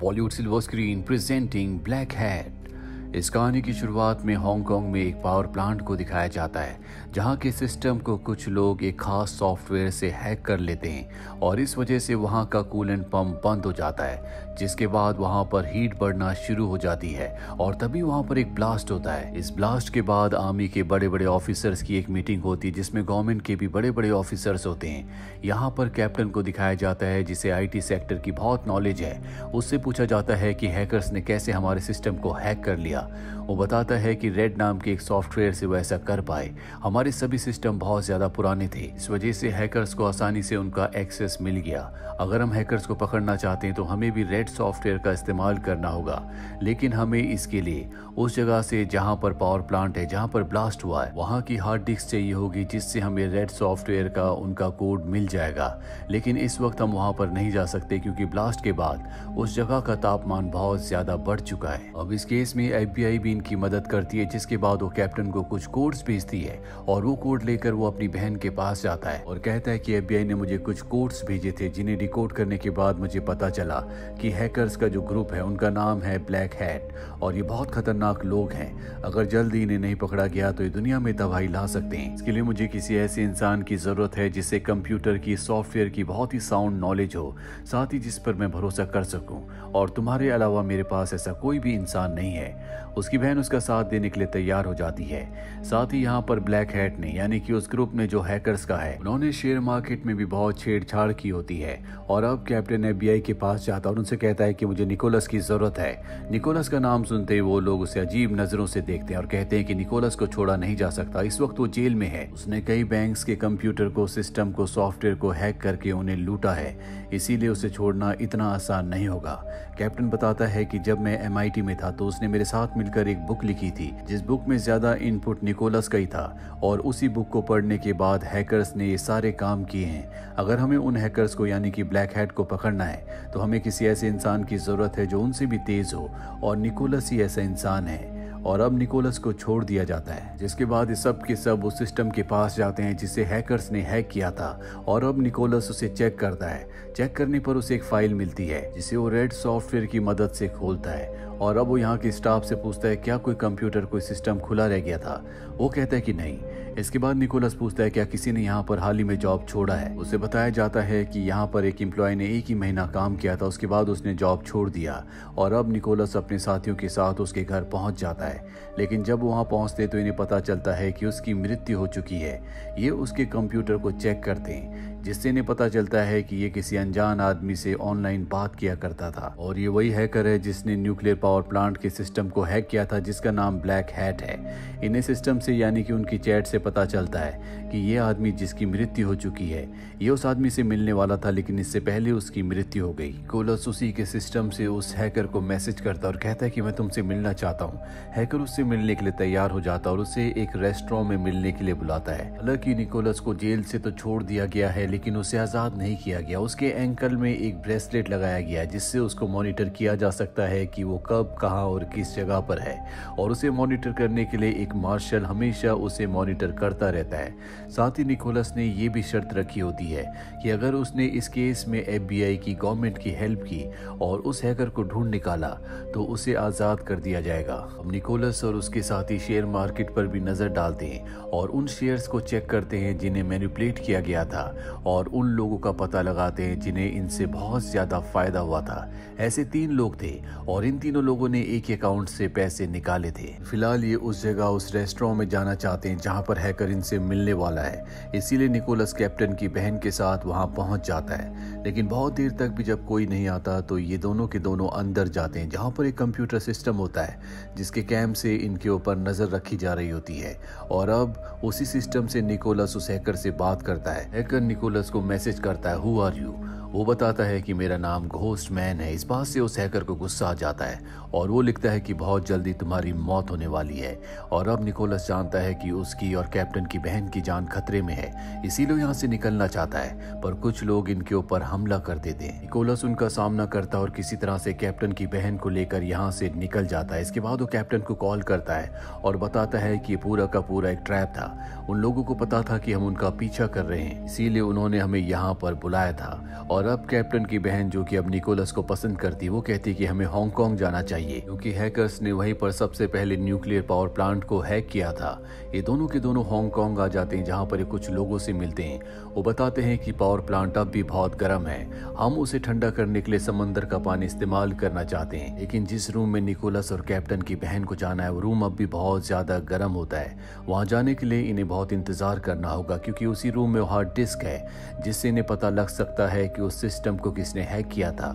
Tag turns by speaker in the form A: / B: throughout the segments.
A: Bollywood silver screen presenting Black Hat इस कहानी की शुरुआत में हांगकांग में एक पावर प्लांट को दिखाया जाता है जहां के सिस्टम को कुछ लोग एक खास सॉफ्टवेयर से हैक कर लेते हैं और इस वजह से वहां का कूलेंट पंप बंद हो जाता है जिसके बाद वहाँ पर हीट बढ़ना शुरू हो जाती है और तभी वहाँ पर एक ब्लास्ट होता है इस ब्लास्ट के बाद आर्मी के बड़े बड़े ऑफिसर्स की एक मीटिंग होती है जिसमें गवर्नमेंट के भी बड़े बड़े ऑफिसर्स होते हैं यहाँ पर कैप्टन को दिखाया जाता है जिसे आई सेक्टर की बहुत नॉलेज है उससे पूछा जाता है कि हैकर्स ने कैसे हमारे सिस्टम को हैक कर लिया वो बताता है कि रेड नाम के एक सॉफ्टवेयर से वो ऐसा कर पाए हमारे सभी सिस्टम बहुत ज़्यादा पुराने थे इस वजह से हैकर्स को आसानी से उनका एक्सेस मिल गया अगर हम हैकर्स को पकड़ना चाहते हैं तो हमें भी रेड सॉफ्टवेयर का इस्तेमाल करना होगा लेकिन हमें इसके लिए उस जगह से जहाँ पर पावर प्लांट है जहाँ पर ब्लास्ट हुआ है वहाँ की हार्ड डिस्क चाहिए होगी जिससे हमें रेड सॉफ्टवेयर का उनका कोड मिल जाएगा लेकिन इस वक्त हम वहाँ पर नहीं जा सकते क्योंकि ब्लास्ट के बाद उस जगह का तापमान बहुत ज्यादा बढ़ चुका है अब इस केस में एफ भी इनकी मदद करती है जिसके बाद वो कैप्टन को कुछ कोड्स भेजती है और वो कोड लेकर वो अपनी बहन के पास जाता है और कहता है कि एफ ने मुझे कुछ कोड्स भेजे थे जिन्हें रिकॉर्ड करने के बाद मुझे पता चला कि हैकर्स का जो ग्रुप है उनका नाम है ब्लैक हैट और ये बहुत खतरनाक खतरनाक लोग हैं अगर जल्द ही इन्हें नहीं पकड़ा गया तो ये दुनिया में तबाही ला सकते हैं इसके लिए मुझे किसी ऐसे इंसान की ज़रूरत है जिसे कंप्यूटर की सॉफ्टवेयर की बहुत ही साउंड नॉलेज हो साथ ही जिस पर मैं भरोसा कर सकूँ और तुम्हारे अलावा मेरे पास ऐसा कोई भी इंसान नहीं है उसकी बहन उसका साथ देने के लिए तैयार हो जाती है साथ ही यहाँ पर ब्लैक हैट ने यानी कि उस ग्रुप ने जो हैकर्स का है उन्होंने शेयर मार्केट में भी बहुत छेड़छाड़ की होती है और अब कैप्टन एफ के पास जाता और उनसे कहता है कि मुझे निकोलस की जरूरत है निकोलस का नाम सुनते ही वो लोग उसे अजीब नजरों से देखते हैं और कहते हैं कि निकोलस को छोड़ा नहीं जा सकता इस वक्त वो जेल में है उसने कई बैंक्स के कंप्यूटर को सिस्टम को सॉफ्टवेयर को हैक करके उन्हें लूटा है इसीलिए उसे छोड़ना इतना आसान नहीं होगा कैप्टन बताता है कि जब मैं एम में था तो उसने मेरे साथ मिलकर एक बुक लिखी थी जिस बुक में ज्यादा इनपुट निकोलस का ही था और उसी बुक को पढ़ने के बाद हैकर्स ने ये सारे काम किए हैं अगर हमें उन हैकर्स को यानी कि ब्लैक हैट को पकड़ना है तो हमें किसी ऐसे इंसान की जरूरत है जो उनसे भी तेज हो और निकोलस ही ऐसा इंसान परेशान है और अब निकोलस को छोड़ दिया जाता है जिसके बाद सब के सब उस सिस्टम के पास जाते हैं जिसे हैकर्स ने हैक किया था और अब निकोलस उसे चेक करता है चेक करने पर उसे एक फाइल मिलती है जिसे वो रेड सॉफ्टवेयर की मदद से खोलता है और अब वो यहाँ के स्टाफ से पूछता है क्या कोई कंप्यूटर कोई सिस्टम खुला रह गया था वो कहता है कि नहीं इसके बाद निकोलस पूछता है क्या किसी ने यहाँ पर हाल ही में जॉब छोड़ा है उसे बताया जाता है कि यहाँ पर एक एम्प्लॉय ने एक ही महीना काम किया था उसके बाद उसने जॉब छोड़ दिया और अब निकोलस अपने साथियों के साथ उसके घर पहुँच जाता है लेकिन जब वहाँ पहुँचते तो इन्हें पता चलता है कि उसकी मृत्यु हो चुकी है ये उसके कंप्यूटर को चेक करते हैं जिससे इन्हें पता चलता है कि ये किसी अनजान आदमी से ऑनलाइन बात किया करता था और ये वही हैकर है जिसने न्यूक्लियर पावर प्लांट के सिस्टम को हैक किया था जिसका नाम ब्लैक हैट है इन्हें सिस्टम से यानी कि उनकी चैट से पता चलता है कि ये आदमी जिसकी मृत्यु हो चुकी है ये उस आदमी से मिलने वाला था लेकिन इससे पहले उसकी मृत्यु हो गई कोलस उसी के सिस्टम से उस हैकर को मैसेज करता और कहता है कि मैं तुमसे मिलना चाहता हूँ हैकर उससे मिलने के लिए तैयार हो जाता और उसे एक रेस्टोरेंट में मिलने के लिए बुलाता है हालांकि निकोलस को जेल से तो छोड़ दिया गया है लेकिन उसे आज़ाद नहीं किया गया उसके एंकल में एक ब्रेसलेट लगाया गया जिससे उसको मॉनिटर किया जा सकता है कि वो कब कहाँ और किस जगह पर है और उसे मॉनिटर करने के लिए एक मार्शल हमेशा उसे मॉनिटर करता रहता है साथ ही निकोलस ने यह भी शर्त रखी होती है कि अगर उसने इस केस में एफ की गवर्नमेंट की हेल्प की और उस हैकर को ढूंढ निकाला तो उसे आज़ाद कर दिया जाएगा अब निकोलस और उसके साथी शेयर मार्केट पर भी नज़र डालते हैं और उन शेयर्स को चेक करते हैं जिन्हें मैनिपुलेट किया गया था और उन लोगों का पता लगाते हैं जिन्हें इनसे बहुत ज़्यादा फ़ायदा हुआ था ऐसे तीन लोग थे और इन तीनों लोगों ने एक अकाउंट से पैसे निकाले थे फिलहाल ये उस जगह उस रेस्टोरेंट में जाना चाहते हैं जहाँ पर हैकर इनसे मिलने वाला है इसीलिए निकोलस कैप्टन की बहन के साथ वहाँ पहुँच जाता है लेकिन बहुत देर तक भी जब कोई नहीं आता तो ये दोनों के दोनों अंदर जाते हैं जहाँ पर एक कंप्यूटर सिस्टम होता है जिसके कैम से इनके ऊपर नज़र रखी जा रही होती है और अब उसी सिस्टम से निकोलस उस हैकर से बात करता है हैकर निकोलस को मैसेज करता है हु आर यू वो बताता है कि मेरा नाम घोस्ट मैन है इस बात से उस हैकर को गुस्सा आ जाता है और वो लिखता है कि बहुत जल्दी तुम्हारी मौत होने वाली है और अब निकोलस जानता है कि उसकी और कैप्टन की बहन की जान खतरे में है इसीलिए यहाँ से निकलना चाहता है पर कुछ लोग इनके ऊपर हमला कर देते हैं निकोलस उनका सामना करता है और किसी तरह से कैप्टन की बहन को लेकर यहाँ से निकल जाता है इसके बाद वो कैप्टन को कॉल करता है और बताता है कि पूरा का पूरा एक ट्रैप था उन लोगों को पता था कि हम उनका पीछा कर रहे हैं इसीलिए उन्होंने हमें यहाँ पर बुलाया था और और अब कैप्टन की बहन जो कि अब निकोलस को पसंद करती वो कहती कि हमें हांगकांग जाना चाहिए क्योंकि हैकर्स ने वहीं पर सबसे पहले न्यूक्लियर पावर प्लांट को हैक किया था ये दोनों के दोनों हांगकांग आ जाते हैं जहां पर ये कुछ लोगों से मिलते हैं वो बताते हैं कि पावर प्लांट अब भी बहुत गर्म है हम उसे ठंडा करने के लिए समंदर का पानी इस्तेमाल करना चाहते हैं लेकिन जिस रूम में निकोलस और कैप्टन की बहन को जाना है वो रूम अब भी बहुत ज़्यादा गर्म होता है वहाँ जाने के लिए इन्हें बहुत इंतज़ार करना होगा क्योंकि उसी रूम में हार्ड डिस्क है जिससे इन्हें पता लग सकता है कि उस सिस्टम को किसने हैक किया था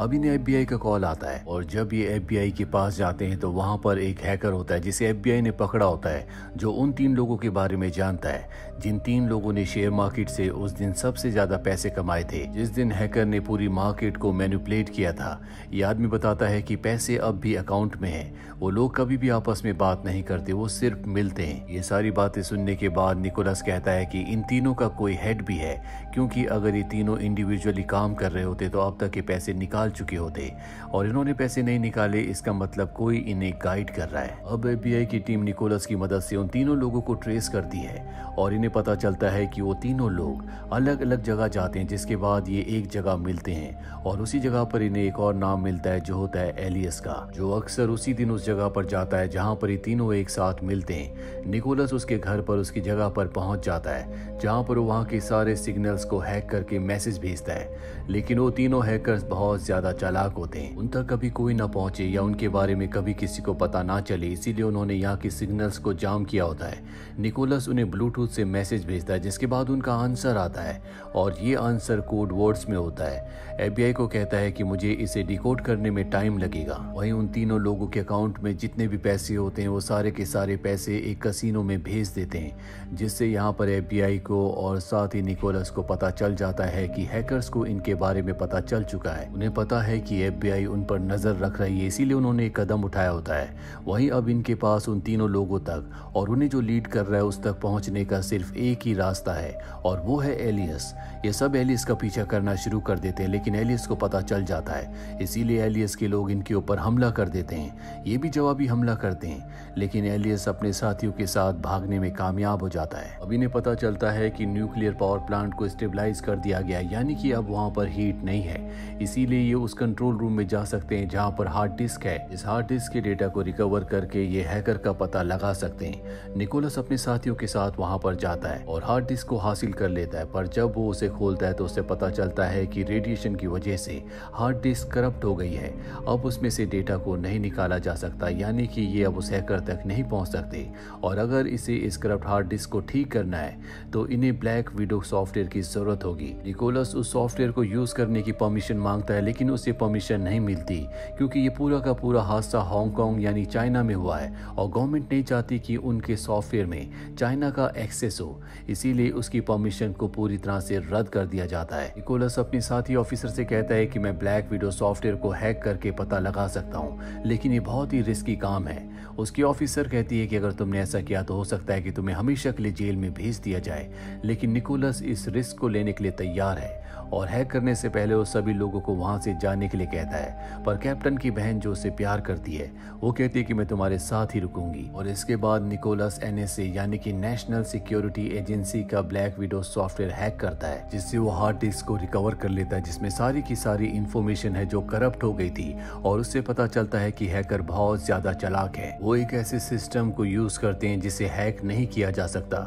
A: अब इन्हें एफबीआई का कॉल आता है और जब ये एफबीआई के पास जाते हैं तो वहाँ पर एक हैकर होता है जिसे एफबीआई ने पकड़ा होता है जो उन तीन लोगों के बारे में जानता है जिन तीन लोगों ने शेयर मार्केट से उस दिन सबसे ज्यादा पैसे कमाए थे जिस दिन हैकर ने पूरी मार्केट को मैनिपुलेट किया था ये आदमी बताता है कि पैसे अब भी अकाउंट में है वो लोग कभी भी आपस में बात नहीं करते वो सिर्फ मिलते हैं ये सारी बातें सुनने के बाद निकोलस कहता है कि इन तीनों का कोई हेड भी है क्योंकि अगर ये तीनों इंडिविजुअल एक्चुअली काम कर रहे होते तो अब तक ये पैसे निकाल चुके होते और इन्होंने पैसे नहीं निकाले इसका मतलब कोई इन्हें गाइड कर रहा है अब एफबीआई की टीम निकोलस की मदद से उन तीनों लोगों को ट्रेस करती है और इन्हें पता चलता है कि वो तीनों लोग अलग अलग जगह जाते हैं जिसके बाद ये एक जगह मिलते हैं और उसी जगह पर इन्हें एक और नाम मिलता है जो होता है एलियस का जो अक्सर उसी दिन उस जगह पर जाता है जहाँ पर ये तीनों एक साथ मिलते हैं निकोलस उसके घर पर उसकी जगह पर पहुंच जाता है जहाँ पर वो वहाँ के सारे सिग्नल्स को हैक करके मैसेज भेजता है लेकिन वो तीनों हैकर्स बहुत ज्यादा चालाक होते हैं उन तक कभी कोई ना पहुंचे या उनके बारे में कभी किसी को पता ना चले इसीलिए उन्होंने यहाँ के सिग्नल्स को जाम किया होता है निकोलस उन्हें ब्लूटूथ से मैसेज भेजता है जिसके बाद उनका आंसर आता है और ये आंसर कोड वर्ड्स में होता है एफ को कहता है कि मुझे इसे डिकोड करने में टाइम लगेगा वहीं उन तीनों लोगों के अकाउंट में जितने भी पैसे होते हैं वो सारे के सारे पैसे एक कसिनो में भेज देते हैं जिससे यहाँ पर एफ को और साथ ही निकोलस को पता चल जाता है कि हैकर्स को को इनके बारे में पता चल चुका है उन्हें पता है कि एफबीआई उन पर नजर रख रही है इसीलिए उन्होंने एक कदम उठाया होता है वहीं अब इनके पास उन तीनों लोगों तक और उन्हें जो लीड कर रहा है उस तक पहुंचने का सिर्फ एक ही रास्ता है और वो है एलियस ये सब एलियस का पीछा करना शुरू कर देते हैं लेकिन एलियस को पता चल जाता है इसीलिए एलियस के लोग इनके ऊपर हमला कर देते हैं ये भी जवाबी हमला करते हैं लेकिन एलियस अपने साथियों के साथ भागने में कामयाब हो जाता है अब इन्हें पता चलता है कि न्यूक्लियर पावर प्लांट को स्टेबलाइज कर दिया गया यानी कि अब वहाँ पर हीट नहीं है इसीलिए ये उस कंट्रोल रूम में जा सकते हैं जहाँ पर हार्ड डिस्क है इस हार्ड डिस्क के डेटा को रिकवर करके ये हैकर का पता लगा सकते हैं निकोलस अपने साथियों के साथ वहाँ पर जाता है और हार्ड डिस्क को हासिल कर लेता है पर जब वो उसे खोलता है तो उसे पता चलता है कि रेडिएशन की वजह से हार्ड डिस्क करप्ट हो गई है अब उसमें से डेटा को नहीं निकाला जा सकता यानी कि ये अब उस हैकर तक नहीं पहुंच सकते और अगर इसे इस करप्ट हार्ड डिस्क को ठीक करना है तो इन्हें ब्लैक विडो सॉफ्टवेयर की जरूरत होगी निकोलस उस सॉफ्ट सॉफ्टवेयर को यूज़ करने की परमिशन मांगता है लेकिन उसे परमिशन नहीं मिलती क्योंकि ये पूरा का पूरा हादसा हांगकॉन्ग यानी चाइना में हुआ है और गवर्नमेंट नहीं चाहती कि उनके सॉफ्टवेयर में चाइना का एक्सेस हो इसीलिए उसकी परमिशन को पूरी तरह से रद्द कर दिया जाता है निकोलस अपने साथी ऑफिसर से कहता है कि मैं ब्लैक विडो सॉफ्टवेयर को हैक करके पता लगा सकता हूँ लेकिन ये बहुत ही रिस्की काम है उसकी ऑफिसर कहती है कि अगर तुमने ऐसा किया तो हो सकता है कि तुम्हें हमेशा के लिए जेल में भेज दिया जाए लेकिन निकोलस इस रिस्क को लेने के लिए तैयार है और हैक करने से पहले वो सभी लोगों को वहां से जाने के लिए कहता है पर कैप्टन की बहन जो उसे प्यार करती है वो कहती है कि मैं तुम्हारे साथ ही रुकूंगी और इसके बाद निकोलस एनएसए यानी कि नेशनल सिक्योरिटी एजेंसी का ब्लैक विडो सॉफ्टवेयर हैक करता है जिससे वो हार्ड डिस्क को रिकवर कर लेता है जिसमें सारी की सारी इन्फॉर्मेशन है जो करप्ट हो गई थी और उससे पता चलता है की हैकर बहुत ज्यादा चलाक है वो एक ऐसे सिस्टम को यूज करते हैं जिसे हैक नहीं किया जा सकता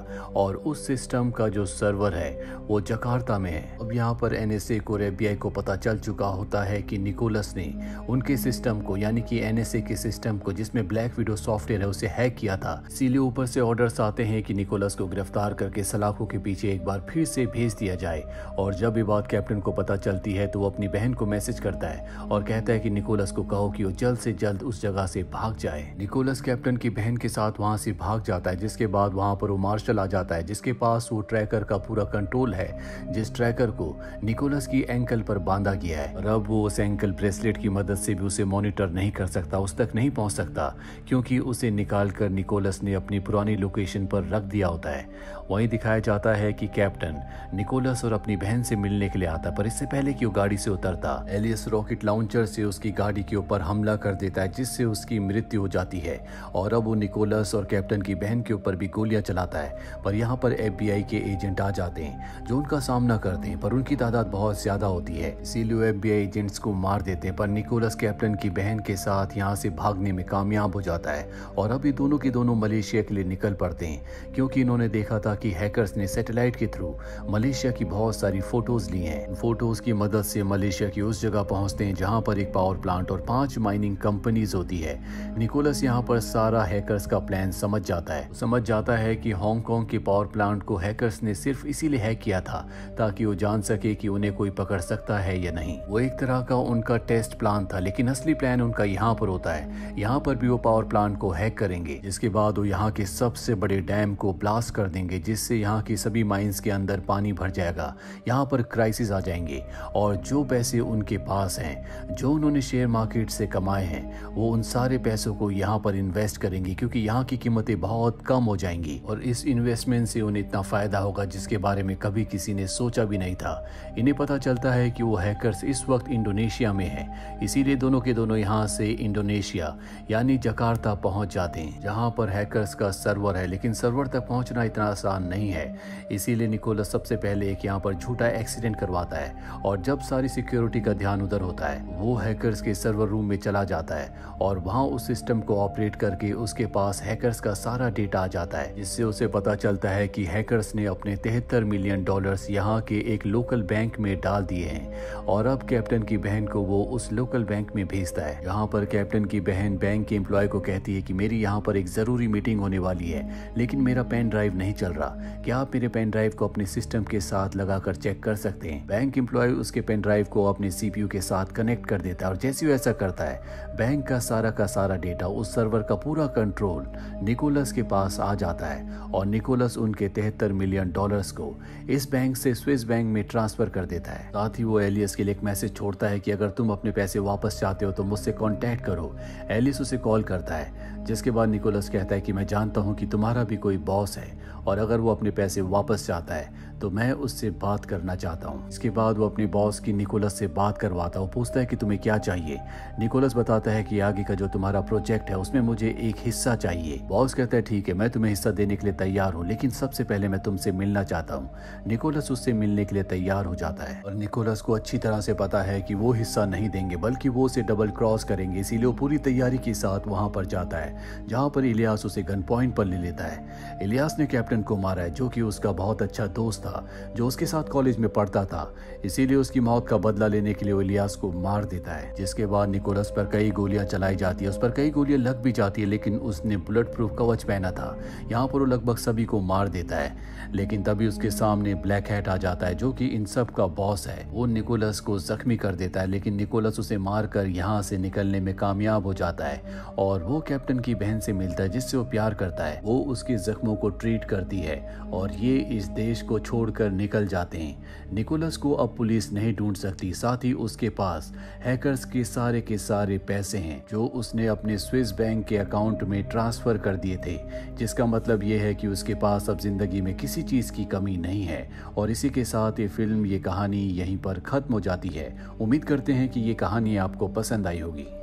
A: और उस सिस्टम का जो सर्वर है वो जकार्ता में है अब यहाँ पर पर एनएसए को और एफबीआई को पता चल चुका होता है कि निकोलस ने उनके सिस्टम को यानी कि एनएसए के सिस्टम को जिसमें ब्लैक विडो सॉफ्टवेयर है उसे हैक किया था इसीलिए ऊपर से ऑर्डर्स आते हैं कि निकोलस को गिरफ्तार करके सलाखों के पीछे एक बार फिर से भेज दिया जाए और जब भी बात कैप्टन को पता चलती है तो वो अपनी बहन को मैसेज करता है और कहता है कि निकोलस को कहो कि वो जल्द से जल्द उस जगह से भाग जाए निकोलस कैप्टन की बहन के साथ वहां से भाग जाता है जिसके बाद वहां पर वो मार्शल आ जाता है जिसके पास वो ट्रैकर का पूरा कंट्रोल है जिस ट्रैकर को निकोलस की एंकल पर बांधा गया है और अब वो उस एंकल ब्रेसलेट की मदद से भी उसे मॉनिटर नहीं कर सकता उस तक नहीं पहुंच सकता क्योंकि उसे निकाल कर निकोलस ने अपनी पुरानी लोकेशन पर रख दिया होता है वहीं दिखाया जाता है कि कैप्टन निकोलस और अपनी बहन से मिलने के लिए आता पर इससे पहले की वो गाड़ी से उतरता एलियस रॉकेट लॉन्चर से उसकी गाड़ी के ऊपर हमला कर देता है जिससे उसकी मृत्यु हो जाती है और अब वो निकोलस और कैप्टन की बहन के ऊपर भी गोलियां चलाता है पर यहाँ पर एफ के एजेंट आ जाते हैं जो उनका सामना करते हैं पर उनकी तादाद बहुत ज्यादा होती है इसीलिए वो एफ एजेंट्स को मार देते हैं पर निकोलस कैप्टन की बहन के साथ यहाँ से भागने में कामयाब हो जाता है और अभी दोनों के दोनों मलेशिया के लिए निकल पड़ते हैं क्योंकि इन्होंने देखा था कि हैकर्स ने सैटेलाइट के थ्रू मलेशिया की बहुत सारी फोटोज ली हैं फोटोज की मदद से मलेशिया की उस जगह पहुंचते हैं जहां पर एक पावर प्लांट और पांच माइनिंग कंपनीज होती है निकोलस यहाँ पर सारा हैकर्स का प्लान समझ जाता है समझ जाता है कि हांगकांग के पावर प्लांट को हैकर्स ने सिर्फ इसीलिए हैक किया था ताकि वो जान सके कि उन्हें कोई पकड़ सकता है या नहीं वो एक तरह का उनका टेस्ट प्लान था लेकिन असली प्लान उनका यहाँ पर होता है यहाँ पर भी वो पावर प्लांट को हैक करेंगे जिसके बाद वो यहाँ के सबसे बड़े डैम को ब्लास्ट कर देंगे जिससे यहाँ की सभी माइंस के अंदर पानी भर जाएगा यहाँ पर क्राइसिस आ जाएंगे और जो पैसे उनके पास हैं जो उन्होंने शेयर मार्केट से कमाए हैं वो उन सारे पैसों को यहाँ पर इन्वेस्ट करेंगे क्योंकि यहाँ की कीमतें बहुत कम हो जाएंगी और इस इन्वेस्टमेंट से उन्हें इतना फायदा होगा जिसके बारे में कभी किसी ने सोचा भी नहीं था इन्हें पता चलता है कि वो हैकर्स इस वक्त इंडोनेशिया में हैं इसीलिए दोनों के दोनों यहाँ से इंडोनेशिया यानी जकार्ता पहुँच जाते हैं जहाँ पर हैकर्स का सर्वर है लेकिन सर्वर तक पहुँचना इतना आसान नहीं है इसीलिए निकोलस सबसे पहले एक यहाँ पर झूठा एक्सीडेंट करवाता है और जब सारी सिक्योरिटी का ध्यान उधर होता है वो हैकर्स के सर्वर रूम में चला जाता है और वहाँ उस सिस्टम को ऑपरेट करके उसके पास हैकर्स का सारा डेटा आ जाता है जिससे उसे पता चलता है कि हैकर्स ने अपने तिहत्तर मिलियन डॉलर यहाँ के एक लोकल बैंक बैंक में डाल दिए हैं और अब कैप्टन की बहन को वो उस लोकल बैंक में भेजता है यहाँ पर कैप्टन की बहन बैंक के एम्प्लॉय को कहती है कि मेरी यहाँ पर एक ज़रूरी मीटिंग होने वाली है लेकिन मेरा पेन ड्राइव नहीं चल रहा क्या आप मेरे पेन ड्राइव को अपने सिस्टम के साथ लगाकर चेक कर सकते हैं बैंक एम्प्लॉय उसके पेन ड्राइव को अपने सीपीयू के साथ कनेक्ट कर देता है और जैसे वो ऐसा करता है बैंक का सारा का सारा डेटा उस सर्वर का पूरा कंट्रोल निकोलस के पास आ जाता है और निकोलस उनके तिहत्तर मिलियन डॉलर्स को इस बैंक से स्विस बैंक में ट्रांसफर कर देता है साथ ही वो एलियस के लिए एक मैसेज छोड़ता है कि अगर तुम अपने पैसे वापस चाहते हो तो मुझसे कॉन्टेक्ट करो एलियस उसे कॉल करता है जिसके बाद निकोलस कहता है कि मैं जानता हूँ कि तुम्हारा भी कोई बॉस है और अगर वो अपने पैसे वापस चाहता है तो मैं उससे बात करना चाहता हूँ इसके बाद वो अपने बॉस की निकोलस से बात करवाता हूँ पूछता है कि तुम्हें क्या चाहिए निकोलस बताता है कि आगे का जो तुम्हारा प्रोजेक्ट है उसमें मुझे एक हिस्सा चाहिए बॉस कहता है ठीक है मैं तुम्हें हिस्सा देने के लिए तैयार हूँ लेकिन सबसे पहले मैं तुमसे मिलना चाहता हूँ निकोलस उससे मिलने के लिए तैयार हो जाता है और निकोलस को अच्छी तरह से पता है कि वो हिस्सा नहीं देंगे बल्कि वो उसे डबल क्रॉस करेंगे इसीलिए वो पूरी तैयारी के साथ वहां पर जाता है जहां पर इलियास उसे गन पॉइंट पर ले लेता है इलियास ने कैप्टन को मारा है जो कि उसका बहुत अच्छा दोस्त था जो उसके साथ कॉलेज में पढ़ता था इसीलिए उसकी मौत का बदला लेने के लिए इलियास को मार देता है जिसके बाद निकोलस पर कई गोलियां चलाई जाती है उस पर कई गोलियां लग भी जाती है लेकिन उसने बुलेट प्रूफ कवच पहना था यहाँ पर वो लगभग सभी को मार देता है लेकिन तभी उसके सामने ब्लैक हैट आ जाता है जो कि इन सब का बॉस है वो निकोलस को जख्मी कर देता है लेकिन निकोलस उसे मारकर यहाँ से निकलने में कामयाब हो जाता है और वो कैप्टन की बहन से मिलता है जिससे वो प्यार करता है वो उसके जख्मों को ट्रीट करती है और ये इस देश को छोड़कर निकल जाते हैं निकोलस को अब पुलिस नहीं ढूंढ सकती साथ ही उसके पास हैकर्स के सारे के सारे पैसे हैं जो उसने अपने स्विस बैंक के अकाउंट में ट्रांसफर कर दिए थे जिसका मतलब ये है कि उसके पास अब जिंदगी में किसी चीज की कमी नहीं है और इसी के साथ ये फिल्म ये कहानी यहीं पर ख़त्म हो जाती है उम्मीद करते हैं कि ये कहानी आपको पसंद आई होगी